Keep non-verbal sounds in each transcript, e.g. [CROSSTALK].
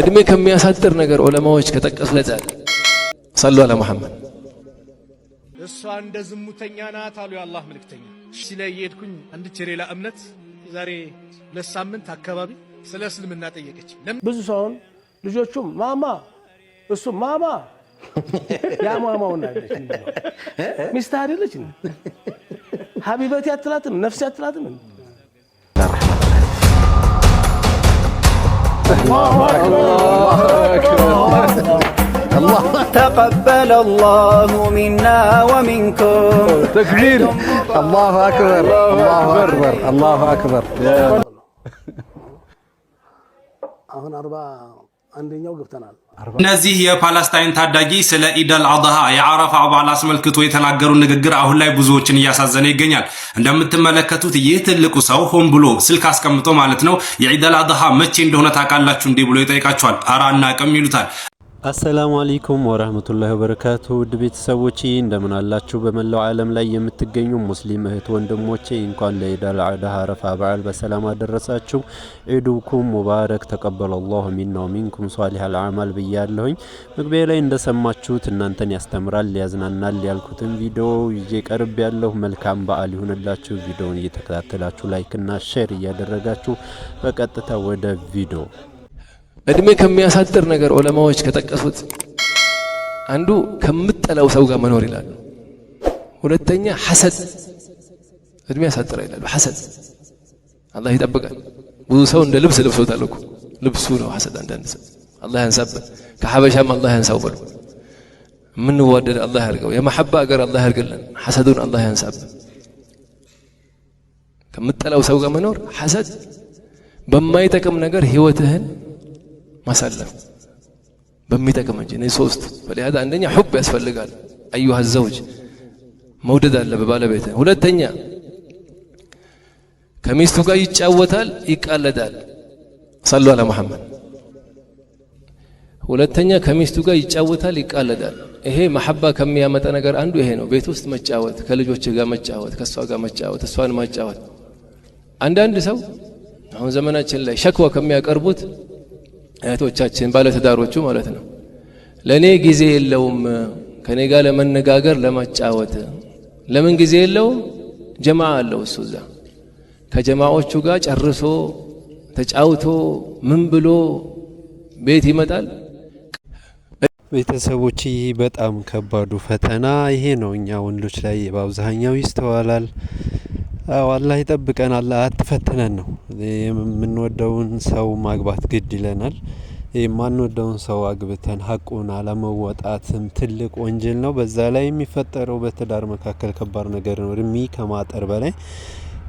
እድሜ ከሚያሳጥር ነገር ዑለማዎች ከጠቀሱለታል። ሰሉ አለ መሐመድ። እሷ እንደ ዝሙተኛ ናት አሉ የአላህ መልእክተኛ። እሺ ላይ እየሄድኩኝ አንድች የሌላ እምነት ዛሬ ሁለት ሳምንት አካባቢ ስለ እስልምና ጠየቀች። ብዙ ሰውን ልጆቹም ማማ እሱ ማማ ያማማውን አለች። ሚስትህ አይደለች ሀቢበት ያትላትም ነፍስ ያትላትም تقبل الله منا ومنكم تكبير الله أكبر الله أكبر الله أكبر اربعه عندي አንደኛው تنال እነዚህ የፓለስታይን ታዳጊ ስለ ኢደል አድሃ የአረፋ በዓል አስመልክቶ የተናገሩ ንግግር አሁን ላይ ብዙዎችን እያሳዘነ ይገኛል። እንደምትመለከቱት ይህ ትልቁ ሰው ሆን ብሎ ስልክ አስቀምጦ ማለት ነው የኢደል አድሃ መቼ እንደሆነ ታውቃላችሁ እንዲህ ብሎ ይጠይቃችኋል። አራ አናውቅም ይሉታል። አሰላሙ አለይኩም ወራህመቱላሂ ወበረካቱ ውድ ቤተሰቦቼ እንደምን አላችሁ? በመላው ዓለም ላይ የምትገኙ ሙስሊም እህት ወንድሞቼ እንኳን ለኢዳል አድሃ አረፋ በዓል በሰላም አደረሳችሁ። ዒዱኩም ሙባረክ ተቀበለላሁ ሚና ወሚንኩም ሷሊሃል አዕማል ብያለሁኝ። መግቢያ ላይ እንደሰማችሁት እናንተን ያስተምራል ያዝናናል ያልኩትን ቪዲዮ ይዤ ቀርብ ያለሁ። መልካም በዓል ይሁንላችሁ። ቪዲዮውን እየተከታተላችሁ ላይክና ሼር እያደረጋችሁ በቀጥታ ወደ ቪዲዮ እድሜ ከሚያሳጥር ነገር ዑለማዎች ከጠቀሱት አንዱ ከምጠላው ሰው ጋር መኖር ይላሉ። ሁለተኛ ሐሰድ እድሜ ያሳጥረ ይላሉ። ሐሰድ አላህ ይጠብቃል። ብዙ ሰው እንደ ልብስ ልብሶታል እኮ ልብሱ ነው ሐሰድ። አንዳንድ ሰው አላህ ያንሳብን፣ ከሐበሻም አላህ ያንሳው በሉ። የምንዋደድ አላህ ያርገው፣ የመሐባ አገር አላህ ያርግልን። ሐሰዱን አላህ ያንሳብን። ከምጠላው ሰው ጋር መኖር ሐሰድ፣ በማይጠቅም ነገር ህይወትህን ማሳለፍ በሚጠቅም እንጂ እነዚህ ሶስት ፈሊሃዛ አንደኛ ሑብ ያስፈልጋል። አዩሃ ዘውጅ መውደድ አለ በባለቤት። ሁለተኛ ከሚስቱ ጋር ይጫወታል፣ ይቃለዳል። ሰሉ አላ መሐመድ። ሁለተኛ ከሚስቱ ጋር ይጫወታል፣ ይቃለዳል። ይሄ መሐባ ከሚያመጣ ነገር አንዱ ይሄ ነው። ቤት ውስጥ መጫወት፣ ከልጆች ጋር መጫወት፣ ከእሷ ጋር መጫወት፣ እሷን ማጫወት። አንዳንድ ሰው አሁን ዘመናችን ላይ ሸክዋ ከሚያቀርቡት እህቶቻችን ባለትዳሮቹ ማለት ነው። ለእኔ ጊዜ የለውም ከኔ ጋር ለመነጋገር ለመጫወት። ለምን ጊዜ የለው? ጀማ አለው እሱ እዛ ከጀማዎቹ ጋር ጨርሶ ተጫውቶ ምን ብሎ ቤት ይመጣል። ቤተሰቦች ይህ በጣም ከባዱ ፈተና ይሄ ነው፣ እኛ ወንዶች ላይ በአብዛኛው ይስተዋላል። አዎ አላህ ይጠብቀን አላህ አትፈትነን ነው የምንወደውን ሰው ማግባት ግድ ይለናል። የማንወደውን ሰው አግብተን ሀቁን አለመወጣትም ትልቅ ወንጀል ነው። በዛ ላይ የሚፈጠረው በትዳር መካከል ከባድ ነገር ነው። እድሜ ከማጠር በላይ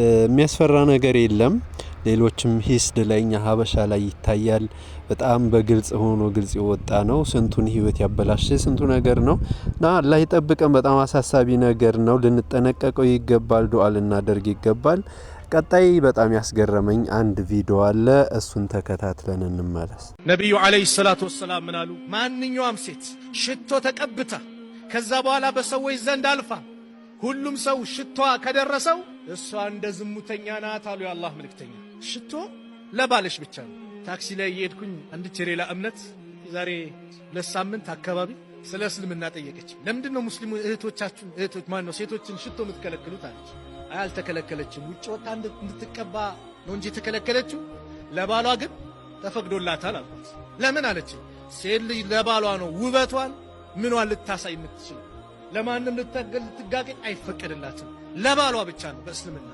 የሚያስፈራ ነገር የለም። ሌሎችም ሂስድ ላይ እኛ ሀበሻ ላይ ይታያል። በጣም በግልጽ ሆኖ ግልጽ የወጣ ነው። ስንቱን ህይወት ያበላሸ ስንቱ ነገር ነው እና አላህ ይጠብቀን። በጣም አሳሳቢ ነገር ነው። ልንጠነቀቀው ይገባል። ዱዓ ልናደርግ ይገባል። ቀጣይ በጣም ያስገረመኝ አንድ ቪዲዮ አለ። እሱን ተከታትለን እንመለስ። ነቢዩ ዓለይሂ ሰላቱ ወሰላም ምን አሉ? ማንኛውም ሴት ሽቶ ተቀብታ ከዛ በኋላ በሰዎች ዘንድ አልፋ ሁሉም ሰው ሽቶዋ ከደረሰው እሷ እንደ ዝሙተኛ ናት አሉ የአላህ መልእክተኛ። ሽቶ ለባለሽ ብቻ ነው። ታክሲ ላይ እየሄድኩኝ አንድች የሌላ እምነት ዛሬ ሁለት ሳምንት አካባቢ ስለ እስልምና ጠየቀች። ለምንድን ነው ሙስሊሙ እህቶቻችሁን እህቶች ማን ነው ሴቶችን ሽቶ የምትከለክሉት አለች። አይ አልተከለከለችም፣ ውጭ ወጣ እንድትቀባ ነው እንጂ የተከለከለችው ለባሏ ግን ተፈቅዶላታል አልኳት። ለምን አለች። ሴት ልጅ ለባሏ ነው ውበቷን ምኗን ልታሳይ የምትችል፣ ለማንም ልትጋገጥ አይፈቀድላትም። ለባሏ ብቻ ነው በእስልምና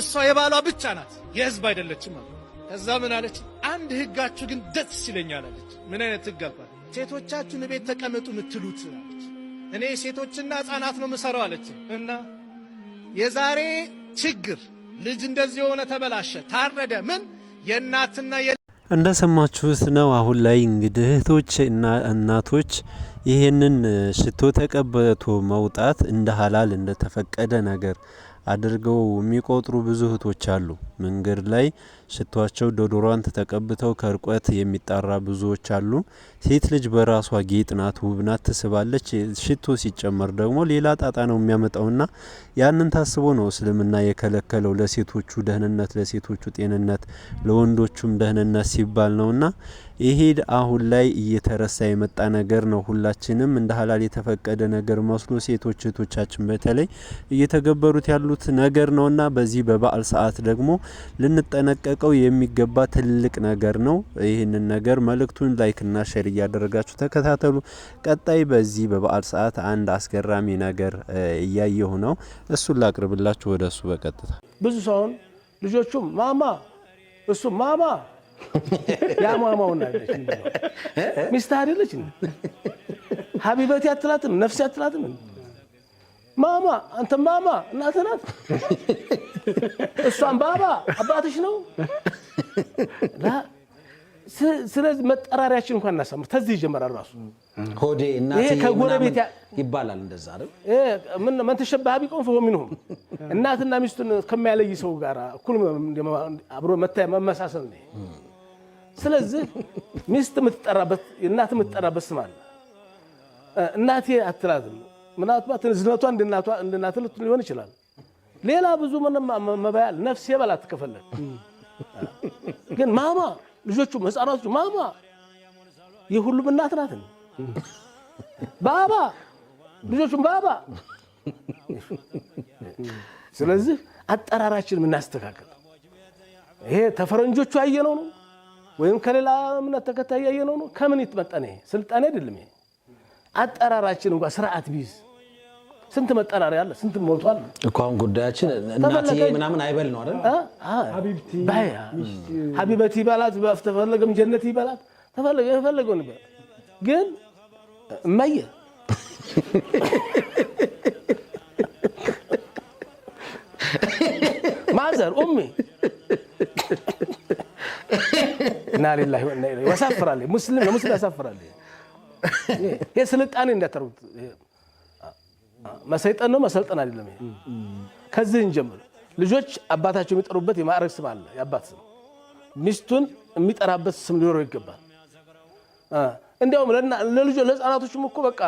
እሷ የባሏ ብቻ ናት፣ የህዝብ አይደለችም አለ። ከዛ ምን አለች? አንድ ህጋችሁ ግን ደስ ይለኛል አለች። ምን አይነት ህግ አልኳት። ሴቶቻችሁን ቤት ተቀመጡ ምትሉት አለች። እኔ ሴቶችና ህፃናት ነው ምሰራው አለች። እና የዛሬ ችግር ልጅ እንደዚህ የሆነ ተበላሸ፣ ታረደ፣ ምን የእናትና እንደሰማችሁት ነው። አሁን ላይ እንግዲህ እህቶች እና እናቶች ይህንን ሽቶ ተቀብቶ መውጣት እንደ ሀላል እንደተፈቀደ ነገር አድርገው የሚቆጥሩ ብዙ እህቶች አሉ። መንገድ ላይ ሽቷቸው ዶዶሯን ተቀብተው ከርቀት የሚጣራ ብዙዎች አሉ። ሴት ልጅ በራሷ ጌጥ ናት፣ ውብ ናት፣ ትስባለች። ሽቶ ሲጨመር ደግሞ ሌላ ጣጣ ነው የሚያመጣውና ያንን ታስቦ ነው እስልምና የከለከለው ለሴቶቹ ደህንነት፣ ለሴቶቹ ጤንነት፣ ለወንዶቹም ደህንነት ሲባል ነውና ይሄ አሁን ላይ እየተረሳ የመጣ ነገር ነው። ሁላችንም እንደ ሀላል የተፈቀደ ነገር መስሎ ሴቶች እህቶቻችን በተለይ እየተገበሩት ያሉት ነገር ነውና በዚህ በበዓል ሰዓት ደግሞ ልንጠነቀቀው የሚገባ ትልቅ ነገር ነው። ይህንን ነገር መልእክቱን ላይክና ሼር እያደረጋችሁ ተከታተሉ። ቀጣይ በዚህ በበዓል ሰዓት አንድ አስገራሚ ነገር እያየሁ ነው። እሱን ላቅርብላችሁ። ወደ እሱ በቀጥታ ብዙ ሰውን ልጆቹም ማማ እሱ ማማ ያማማውን አለች ሚስት አይደለች ሀቢበት ያትላትም ነፍስ ያትላትም ማማ አንተ ማማ እናትህ ናት፣ እሷም ባባ አባትሽ ነው። ስለዚህ መጠራሪያችን እንኳን እናሳምር። ተዚህ ይጀመራል ራሱ ሆዴ እናቴ ከጎረቤት ይባላል። እንደዛ አይደል? መን ተሸበሀ ቢቆም ፈሆ ሚንሁም እናትና ሚስቱን ከሚያለይ ሰው ጋር እኩል አብሮ መመሳሰል ነው። ስለዚህ ሚስት የምትጠራበት እናት የምትጠራበት ስም አለ። እናቴ አትላትም ምናልባት ዝነቷ እንደ እናቷ ሊሆን ይችላል። ሌላ ብዙ መባያል ነፍስ በላ ትከፈለን። ግን ማማ ልጆቹ ህፃናቶቹ ማማ የሁሉም እናት ናትን። ባባ ልጆቹም ባባ። ስለዚህ አጠራራችን የምናስተካከል ይሄ ተፈረንጆቹ ያየነው ነው ወይም ከሌላ እምነት ተከታይ ያየነው ነው። ከምን ይትመጠን ይሄ ስልጣኔ አይደለም ይሄ አጠራራችን እንኳን ስርዓት ቢይዝ ስንት መጠራሪያ አለ፣ ስንት ሞልቷል እኮ አሁን ጉዳያችን እናትዬ ምናምን አይበል ነው አይደል? ሀቢበቲ ይበላት ተፈለገም ጀነት ይበላት ተፈለገ የፈለገውን ነበር። ግን እማየ ማዘር ኡሚ [LAUGHS] እና ሌላ ወሳፍራለ ሙስሊም ለሙስሊም ያሳፍራል ይሄ ስልጣኔ እንዳታደርጉት። መሰይጠን ነው መሰልጠን አይደለም። ይሄ ከዚህ እንጀምር። ልጆች አባታቸው የሚጠሩበት የማዕረግ ስም አለ፣ የአባት ስም። ሚስቱን የሚጠራበት ስም ሊኖረው ይገባል። እንዲያውም ለልጆ ለህፃናቶችም እኮ በቃ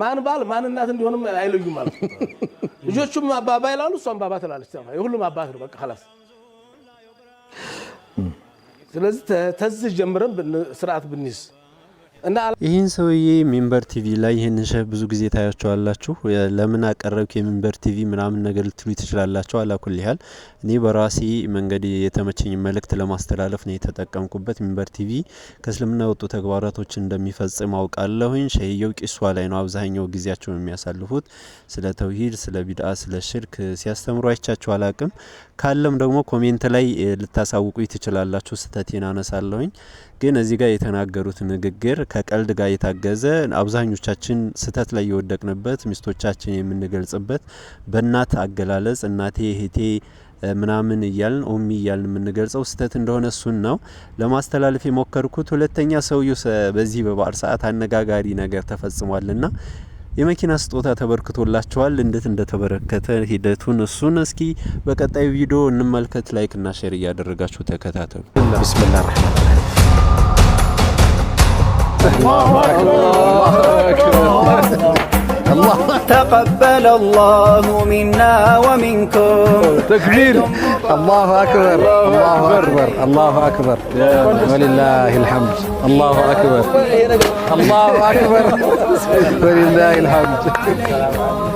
ማን ባል ማን እናት እንዲሆንም አይለዩም ማለት ነው። ልጆቹም አባባ ይላሉ፣ እሷም ባባ ትላለች። የሁሉም አባት ነው በቃ ላስ ስለዚህ ተዝህ ጀምረን ስርዓት ብንይዝ እና ይህን ሰውዬ ሚንበር ቲቪ ላይ ይህን ሸህ ብዙ ጊዜ ታያቸዋላችሁ። ለምን አቀረብክ የሚንበር ቲቪ ምናምን ነገር ልትሉ ትችላላችሁ። አላኩል ያህል እኔ በራሴ መንገድ የተመቸኝ መልእክት ለማስተላለፍ ነው የተጠቀምኩበት። ሚንበር ቲቪ ከእስልምና የወጡ ተግባራቶች እንደሚፈጽም አውቃለሁኝ። ሸህየው ቂሷ ላይ ነው አብዛኛው ጊዜያቸውን የሚያሳልፉት። ስለ ተውሂድ፣ ስለ ቢድአ፣ ስለ ሽርክ ሲያስተምሩ አይቻችሁ አላቅም። ካለም ደግሞ ኮሜንት ላይ ልታሳውቁ ትችላላችሁ። ስህተቴን አነሳለሁኝ። ግን እዚህ ጋር የተናገሩት ንግግር ከቀልድ ጋር የታገዘ አብዛኞቻችን ስህተት ላይ የወደቅንበት ሚስቶቻችን የምንገልጽበት በእናት አገላለጽ እናቴ፣ እህቴ ምናምን እያልን ኦሚ እያልን የምንገልጸው ስህተት እንደሆነ እሱን ነው ለማስተላለፍ የሞከርኩት። ሁለተኛ ሰውየው በዚህ በበዓል ሰዓት አነጋጋሪ ነገር ተፈጽሟልና የመኪና ስጦታ ተበርክቶላቸዋል። እንዴት እንደተበረከተ ሂደቱን እሱን እስኪ በቀጣዩ ቪዲዮ እንመልከት። ላይክ እና ሼር እያደረጋችሁ ተከታተሉ። ብስምላህ الله أكبر الله تقبل الله منا ومنكم تكبير الله أكبر الله أكبر الله أكبر ولله الحمد الله أكبر الله أكبر ولله الحمد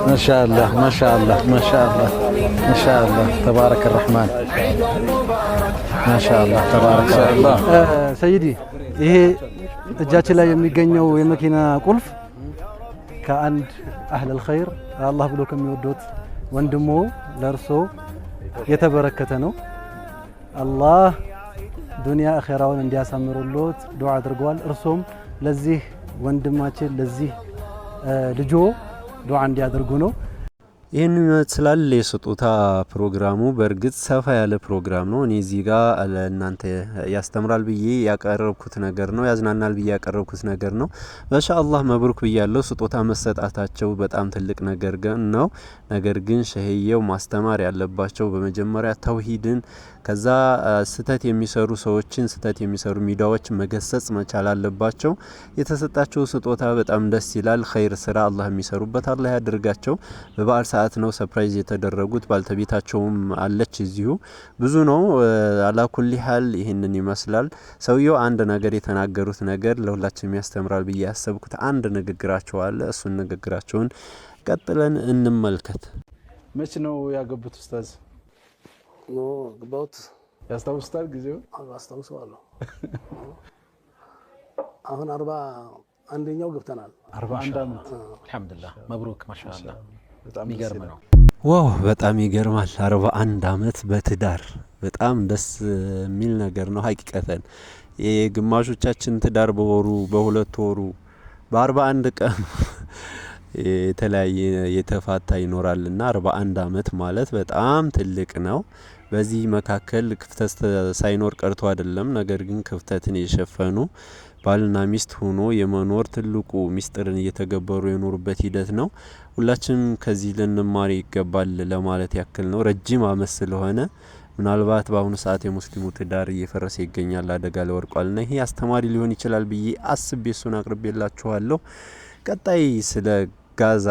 ما شاء الله ما شاء الله ما شاء الله ما شاء الله تبارك الرحمن ما شاء الله تبارك الله سيدي إيه እጃችን ላይ የሚገኘው የመኪና ቁልፍ ከአንድ አህለል ኸይር አላህ ብሎ ከሚወዶት ወንድሞ ለእርሶ የተበረከተ ነው። አላህ ዱንያ አኼራውን እንዲያሳምሩሎት ዱዓ አድርገዋል። እርሶም ለዚህ ወንድማችን ለዚህ ልጆ ዱዓ እንዲያደርጉ ነው። ይህን ይመስላል የስጦታ ፕሮግራሙ። በእርግጥ ሰፋ ያለ ፕሮግራም ነው። እኔ እዚህ ጋር ለእናንተ ያስተምራል ብዬ ያቀረብኩት ነገር ነው፣ ያዝናናል ብዬ ያቀረብኩት ነገር ነው። አላህ መብሩክ ብያለሁ። ስጦታ መሰጣታቸው በጣም ትልቅ ነገር ነው። ነገር ግን ሸህየው ማስተማር ያለባቸው በመጀመሪያ ተውሂድን፣ ከዛ ስህተት የሚሰሩ ሰዎችን፣ ስህተት የሚሰሩ ሚዲያዎችን መገሰጽ መቻል አለባቸው። የተሰጣቸው ስጦታ በጣም ደስ ይላል። ኸይር ስራ አላህ የሚሰሩበት አላህ ያደርጋቸው። በበዓል ሰዓት ነው ሰፕራይዝ የተደረጉት። ባልተቤታቸውም አለች እዚሁ። ብዙ ነው አላኩል ያህል ይህንን ይመስላል። ሰውየው አንድ ነገር የተናገሩት ነገር ለሁላችንም ያስተምራል ብዬ ያሰብኩት አንድ ንግግራቸው አለ። እሱን ንግግራቸውን ቀጥለን እንመልከት። መች ነው ያገቡት ኡስታዝ? ግባት ያስታውስታል? ጊዜው አስታውሰዋለሁ። አሁን አርባ አንደኛው ገብተናል። አርባ አንድ አመት አልሐምዱሊላህ። መብሩክ ማሻአላህ በጣም የሚገርም ነው። ዋው በጣም ይገርማል። አርባ አንድ አመት በትዳር በጣም ደስ የሚል ነገር ነው። ሀቂቀተን የግማሾቻችን ትዳር በወሩ በሁለት ወሩ በአርባ አንድ ቀን [LAUGHS] የተለያየ የተፋታ ይኖራል እና አርባ አንድ አመት ማለት በጣም ትልቅ ነው። በዚህ መካከል ክፍተት ሳይኖር ቀርቶ አይደለም። ነገር ግን ክፍተትን የሸፈኑ ባልና ሚስት ሆኖ የመኖር ትልቁ ሚስጥርን እየተገበሩ የኖሩበት ሂደት ነው። ሁላችንም ከዚህ ልንማር ይገባል ለማለት ያክል ነው። ረጅም አመት ስለሆነ ምናልባት በአሁኑ ሰዓት የሙስሊሙ ትዳር እየፈረሰ ይገኛል፣ አደጋ ላይ ና ይሄ አስተማሪ ሊሆን ይችላል ብዬ አስቤ እሱን አቅርቤላችኋለሁ። ቀጣይ ስለ ጋዛ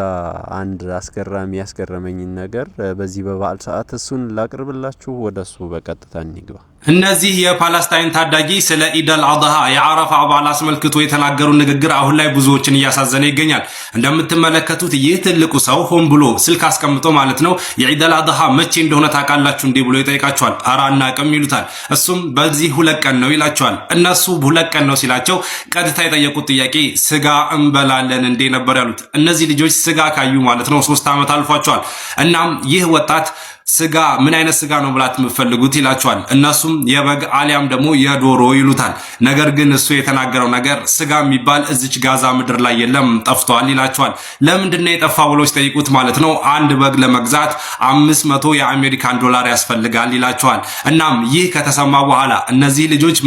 አንድ አስገራሚ ያስገረመኝን ነገር በዚህ በበዓል ሰዓት እሱን ላቅርብላችሁ። ወደ እሱ በቀጥታ እንግባ። እነዚህ የፓለስታይን ታዳጊ ስለ ኢደል አድሃ የአረፋ በዓል አስመልክቶ የተናገሩ ንግግር አሁን ላይ ብዙዎችን እያሳዘነ ይገኛል። እንደምትመለከቱት ይህ ትልቁ ሰው ሆን ብሎ ስልክ አስቀምጦ ማለት ነው የኢደል አድሃ መቼ እንደሆነ ታውቃላችሁ እንዲህ ብሎ ይጠይቃቸዋል። አራና ቅም ይሉታል። እሱም በዚህ ሁለት ቀን ነው ይላቸዋል። እነሱ ሁለት ቀን ነው ሲላቸው ቀጥታ የጠየቁት ጥያቄ ስጋ እንበላለን እንዴ ነበር ያሉት። እነዚህ ልጆች ስጋ ካዩ ማለት ነው ሶስት ዓመት አልፏቸዋል። እናም ይህ ወጣት ስጋ ምን አይነት ስጋ ነው ብላት የምትፈልጉት ይላቸዋል። እነሱም የበግ አሊያም ደግሞ የዶሮ ይሉታል። ነገር ግን እሱ የተናገረው ነገር ስጋ የሚባል እዚች ጋዛ ምድር ላይ የለም ጠፍቷል ይላቸዋል። ለምንድን ነው የጠፋ ብሎ ሲጠይቁት ማለት ነው አንድ በግ ለመግዛት አምስት መቶ የአሜሪካን ዶላር ያስፈልጋል ይላቸዋል። እናም ይህ ከተሰማ በኋላ እነዚህ ልጆች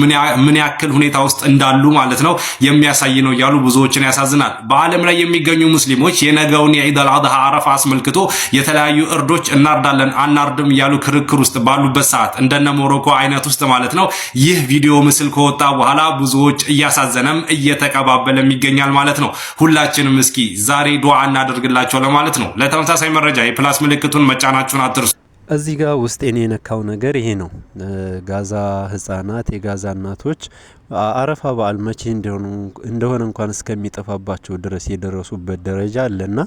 ምን ያክል ሁኔታ ውስጥ እንዳሉ ማለት ነው የሚያሳይ ነው እያሉ ብዙዎችን ያሳዝናል። በዓለም ላይ የሚገኙ ሙስሊሞች የነገውን የኢድ አል አድሃ አረፋ አስመልክቶ የተለያዩ እርዶች እናርዳለን አናርድም እያሉ ክርክር ውስጥ ባሉበት ሰዓት እንደነ ሞሮኮ አይነት ውስጥ ማለት ነው ይህ ቪዲዮ ምስል ከወጣ በኋላ ብዙዎች እያሳዘነም እየተቀባበለም ይገኛል ማለት ነው። ሁላችንም እስኪ ዛሬ ዱዓ እናደርግላቸው ለማለት ነው። ለተመሳሳይ መረጃ የፕላስ ምልክቱን መጫናችሁን አትርሱ። እዚህ ጋር ውስጤን የነካው ነገር ይሄ ነው። ጋዛ ህጻናት፣ የጋዛ እናቶች አረፋ በዓል መቼ እንደሆነ እንኳን እስከሚጠፋባቸው ድረስ የደረሱበት ደረጃ አለና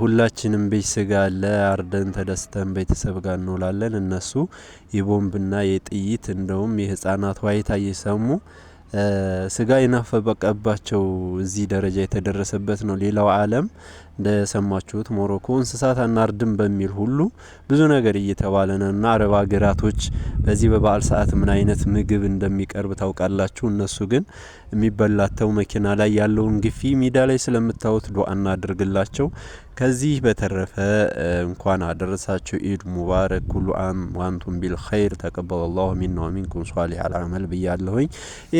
ሁላችንም ቤት ስጋ አለ አርደን ተደስተን ቤተሰብ ጋር እንውላለን። እነሱ የቦምብና የጥይት እንደውም የህፃናት ዋይታ እየሰሙ ስጋ የናፈቀባቸው እዚህ ደረጃ የተደረሰበት ነው። ሌላው ዓለም እንደሰማችሁት ሞሮኮ እንስሳት አናርድም በሚል ሁሉ ብዙ ነገር እየተባለ ነው እና አረብ ሀገራቶች በዚህ በበዓል ሰዓት ምን አይነት ምግብ እንደሚቀርብ ታውቃላችሁ። እነሱ ግን የሚበላተው መኪና ላይ ያለውን ግፊ ሜዳ ላይ ስለምታዩት ዱአ እናድርግላቸው። ከዚህ በተረፈ እንኳን አደረሳችሁ ኢድ ሙባረክ ኩሉ አም ዋንቱም ቢል ኸይር ተቀበለ ላሁ ሚና ወሚንኩም ሷሊህ አልአመል ብያለሁኝ።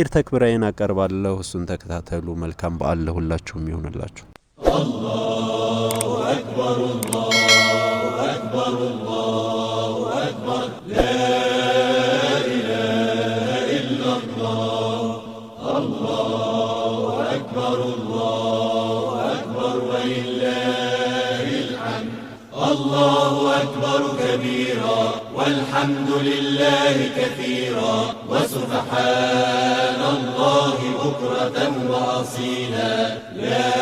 ኢድ ተክብራይን አቀርባለሁ። እሱን ተከታተሉ። መልካም በዓል ለሁላችሁም ይሆንላችሁ። አላሁ አክበር الله أكبر كبيرا والحمد لله كثيرا وسبحان الله بكرة وأصيلا لا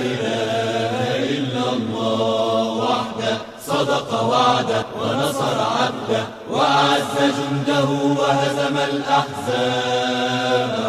إله إلا الله وحده صدق وعده ونصر عبده وأعز جنده وهزم الأحزاب